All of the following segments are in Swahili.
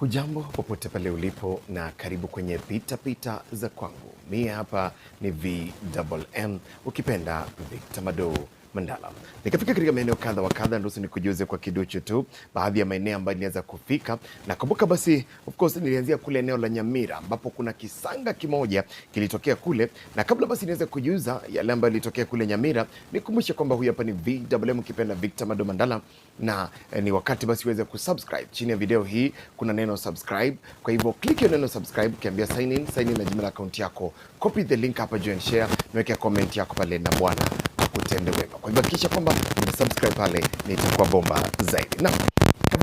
Hujambo popote pale ulipo na karibu kwenye pitapita pita za kwangu. Mie hapa ni VMM, ukipenda Victor Madou. Mandala. Nikafika katika maeneo kadha wa kadha, ndio nikujuze kwa kiduchu tu baadhi ya maeneo ambayo niliweza kufika. Nakumbuka basi, of course, nilianzia kule eneo la Nyamira ambapo kuna kisanga kimoja kilitokea kule, na kabla basi niweze kujuza yale ambayo yalitokea kule Nyamira, nikumbushe kwamba huyu hapa ni VMM kipenda Victor Mado Mandala, na eh, ni wakati basi uweze kusubscribe. Chini ya video hii kuna neno subscribe, kwa hivyo click hiyo neno subscribe, kiambia sign in, sign in na jina la akaunti yako, copy the link hapa, join share, niweke comment yako pale na bwana kutende wema. Kwa hivyo hakikisha kwamba umesubscribe pale, nitakuwa bomba zaidi na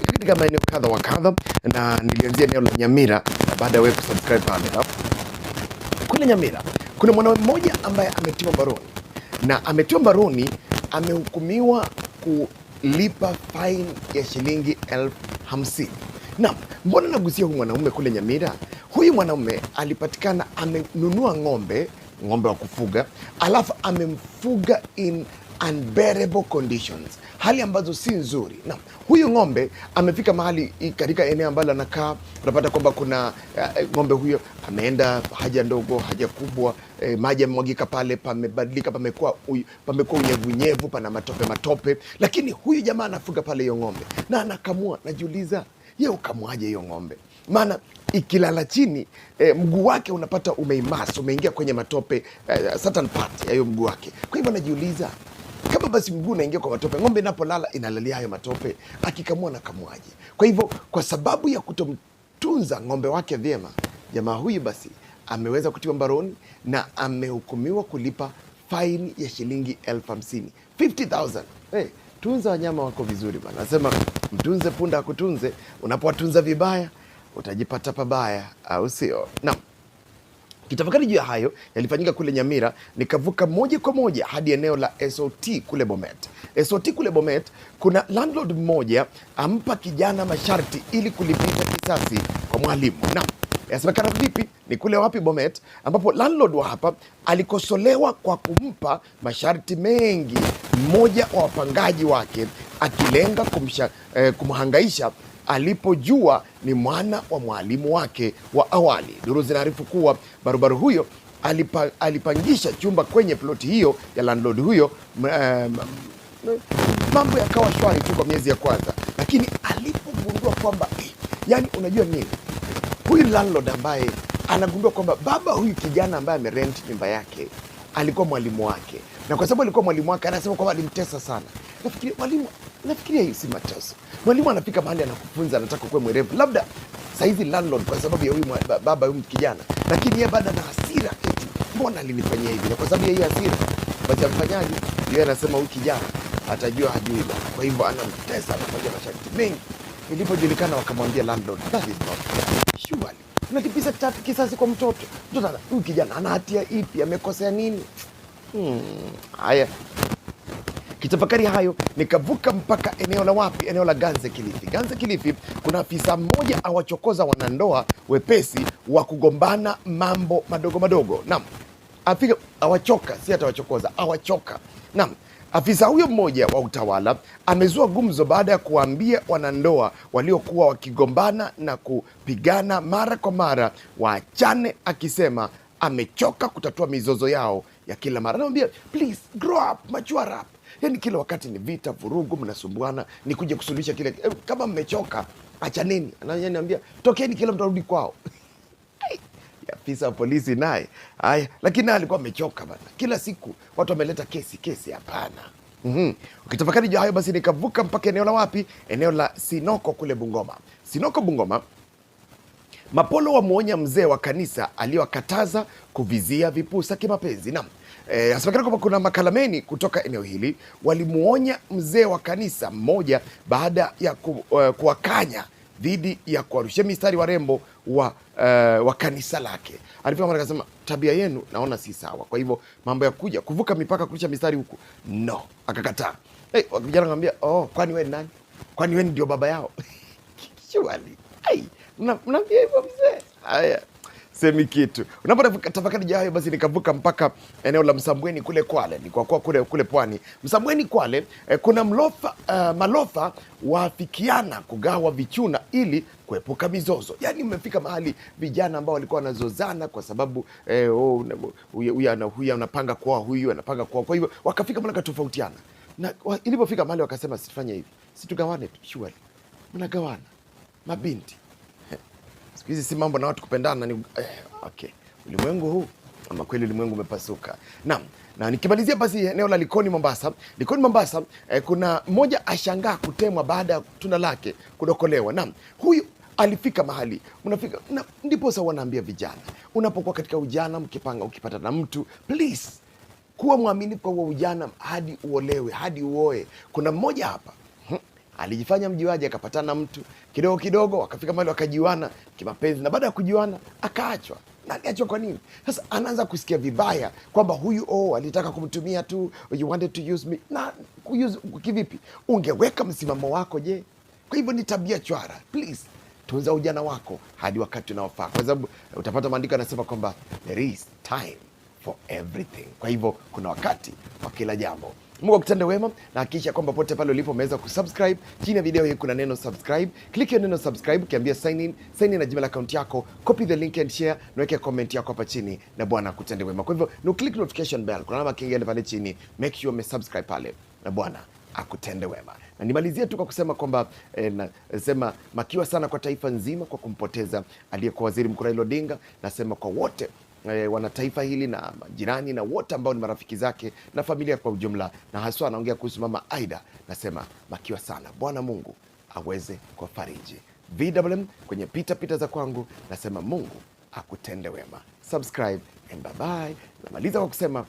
katika maeneo kadha wa kadha, na nilianzia eneo la Nyamira na baada ya wewe kusubscribe pale kule Nyamira, kuna mwanaume mmoja ambaye ametiwa mbaroni na ametiwa mbaroni, amehukumiwa kulipa fine ya shilingi elfu hamsini. Naam, mbona nagusia huyu mwanaume kule Nyamira? Huyu mwanaume alipatikana amenunua ng'ombe ng'ombe wa kufuga, alafu amemfuga in unbearable conditions, hali ambazo si nzuri. Na huyu ng'ombe amefika mahali katika eneo ambalo anakaa, unapata kwamba kuna uh, ng'ombe huyo ameenda haja ndogo, haja kubwa, eh, maji yamemwagika pale, pamebadilika, pamekuwa pamekuwa unyevunyevu, pana matope matope, lakini huyu jamaa anafuga pale hiyo ng'ombe na anakamua. Najiuliza, ye ukamuaje hiyo ng'ombe? maana ikilala chini eh, mguu wake unapata umeimas umeingia kwenye matope eh, certain part ya hiyo mguu wake. Kwa hivyo anajiuliza kama basi mguu unaingia kwa matope, ng'ombe inapolala inalalia hayo matope, akikamua na kamuaje? Kwa hivyo kwa sababu ya kutomtunza ng'ombe wake vyema, jamaa huyu basi ameweza kutiwa mbaroni na amehukumiwa kulipa faini ya shilingi elfu hamsini Hey, eh, tunza wanyama wako vizuri bana, nasema mtunze punda akutunze, unapowatunza vibaya utajipata pabaya, au sio? na Kitafakari juu ya hayo yalifanyika kule Nyamira, nikavuka moja kwa moja hadi eneo la SOT kule Bomet. SOT kule Bomet, kuna landlord mmoja ampa kijana masharti ili kulipiza kisasi kwa mwalimu. Na Yasemekana vipi? Ni kule wapi? Bomet, ambapo landlord wa hapa alikosolewa kwa kumpa masharti mengi mmoja wa wapangaji wake, akilenga kumsha, eh, kumhangaisha alipojua ni mwana wa mwalimu wake wa awali. Duru zinaarifu kuwa barubaru huyo alipa, alipangisha chumba kwenye ploti hiyo ya landlord huyo. Um, mambo yakawa shwari tu kwa miezi ya kwanza, lakini alipogundua kwamba eh, yani unajua nini, huyu landlord ambaye anagundua kwamba baba huyu kijana ambaye amerent nyumba yake alikuwa mwalimu wake, na kwa sababu alikuwa mwalimu wake anasema kwamba alimtesa sana. Nafikiri mwalimu nafikiria hii si mateso. Mwalimu anafika mahali anakufunza, anataka kuwe mwerevu, labda sahizi landlord kwa sababu ya huyu baba huyu kijana, lakini yeye bado ana hasira eti mbona alinifanyia hivi, na kwa sababu ya hii hasira basi amfanyaje? Yeye anasema huyu kijana atajua hajui la, kwa hivyo anamtesa, anafanya masharti mengi. Ilipojulikana wakamwambia landlord, that is not surely tatu kisasi kwa mtoto. Mtoto huyu kijana ana hatia ipi? Amekosea nini? Hmm, haya, Kitafakari hayo nikavuka mpaka eneo la wapi? Eneo la Ganze Kilifi. Ganze Kilifi kuna afisa mmoja awachokoza wanandoa wepesi wa kugombana mambo madogo madogo. Naam, afika awachoka, si atawachokoza, awachoka. Naam, afisa huyo mmoja wa utawala amezua gumzo baada ya kuwaambia wanandoa waliokuwa wakigombana na kupigana mara kwa mara waachane, akisema amechoka kutatua mizozo yao ya kila mara. Namwambia please grow up, mature up yani kila wakati ni vita, vurugu, mnasumbuana, ni kuja kusuluhisha kile. Eh, kama mmechoka achaneni, ananiambia tokeni, kila mtarudi kwao. Afisa wa polisi naye haya, lakini naye alikuwa amechoka bana, kila siku watu wameleta kesi kesi, hapana. Mm-hmm. Ukitafakari juu hayo basi nikavuka mpaka eneo la wapi? Eneo la Sinoko kule Bungoma. Sinoko Bungoma, Mapolo wamwonya mzee wa kanisa aliyowakataza kuvizia vipusa kimapenzi. Naam. Eh, anasemekana kwamba kuna makalameni kutoka eneo hili walimwonya mzee wa kanisa mmoja baada ya ku, uh, kuwakanya dhidi ya kuwarushia mistari warembo wa, uh, wa kanisa lake. Alifika mara akasema, tabia yenu naona si sawa, kwa hivyo mambo ya kuja kuvuka mipaka kurusha mistari huku no, akakataa. Hey, vijana kamwambia, oh, kwani wewe nani? Kwani wewe ndio baba yao? Surely. mnaambia hivyo mzee? Haya semi kitu unapotafakari jayo basi nikavuka mpaka eneo la Msambweni kule Kwale, nikakuwa kule kule pwani Msambweni Kwale eh, kuna mlofa, uh, malofa wafikiana kugawa vichuna ili kuepuka mizozo. Yaani umefika mahali vijana ambao walikuwa wanazozana kwa sababu eh, oh, huyu anapanga kuoa huyu anapanga kuoa, kwa hivyo wakafika mahali tofautiana na ilipofika mahali wakasema, situfanye hivi, situgawane tu, mnagawana mabinti Siku hizi si mambo na watu kupendana ni eh, okay. Ulimwengu huu ama kweli ulimwengu umepasuka. Naam, na nikimalizia basi eneo la Likoni Mombasa. Likoni Mombasa eh, kuna mmoja ashangaa kutemwa baada ya tunda lake kudokolewa. Naam, huyu alifika mahali unafika na, ndipo sasa wanaambia vijana, unapokuwa katika ujana, mkipanga ukipata na mtu please kuwa mwaminifu kwa ujana hadi uolewe hadi uoe. Kuna mmoja hapa alijifanya mjuaji, akapatana na mtu kidogo kidogo, wakafika mahali wakajiwana kimapenzi, na baada ya kujiwana akaachwa na aliachwa kwa nini? Sasa anaanza kusikia vibaya kwamba huyu oh, alitaka kumtumia tu, you wanted to use me. Na kuuse kivipi? Ungeweka msimamo wako je? Kwa hivyo ni tabia chwara. Please tunza ujana wako hadi wakati unaofaa, kwa sababu eh, utapata maandiko yanasema kwamba there is time for everything. Kwa hivyo kuna wakati kila jambo. Mungu akutende wema na hakikisha kwamba pote pale ulipo umeweza kusubscribe. Chini ya video hii kuna neno subscribe. Click hiyo neno subscribe, kiambia sign in, sign in na Gmail account yako, copy the link and share na weke comment yako hapa chini na Bwana akutende wema. Kwa hivyo, no click notification bell. Kuna alama kingine pale chini. Make sure umesubscribe pale. Na Bwana akutende wema. Na nimalizie tu kwa kusema kwamba eh, nasema makiwa sana kwa taifa nzima kwa kumpoteza aliyekuwa Waziri Mkuu Raila Odinga, nasema kwa wote e, eh, wanataifa hili na majirani na wote ambao ni marafiki zake na familia kwa ujumla, na haswa anaongea kuhusu mama Aida. Nasema makiwa sana, Bwana Mungu aweze kwa fariji VMM kwenye pita pita za kwangu. Nasema Mungu akutende wema, subscribe and bye bye. Namaliza kwa kusema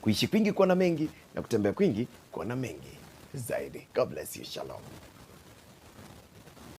kuishi kwingi kuona mengi na kutembea kwingi kuona mengi zaidi. God bless you. Shalom.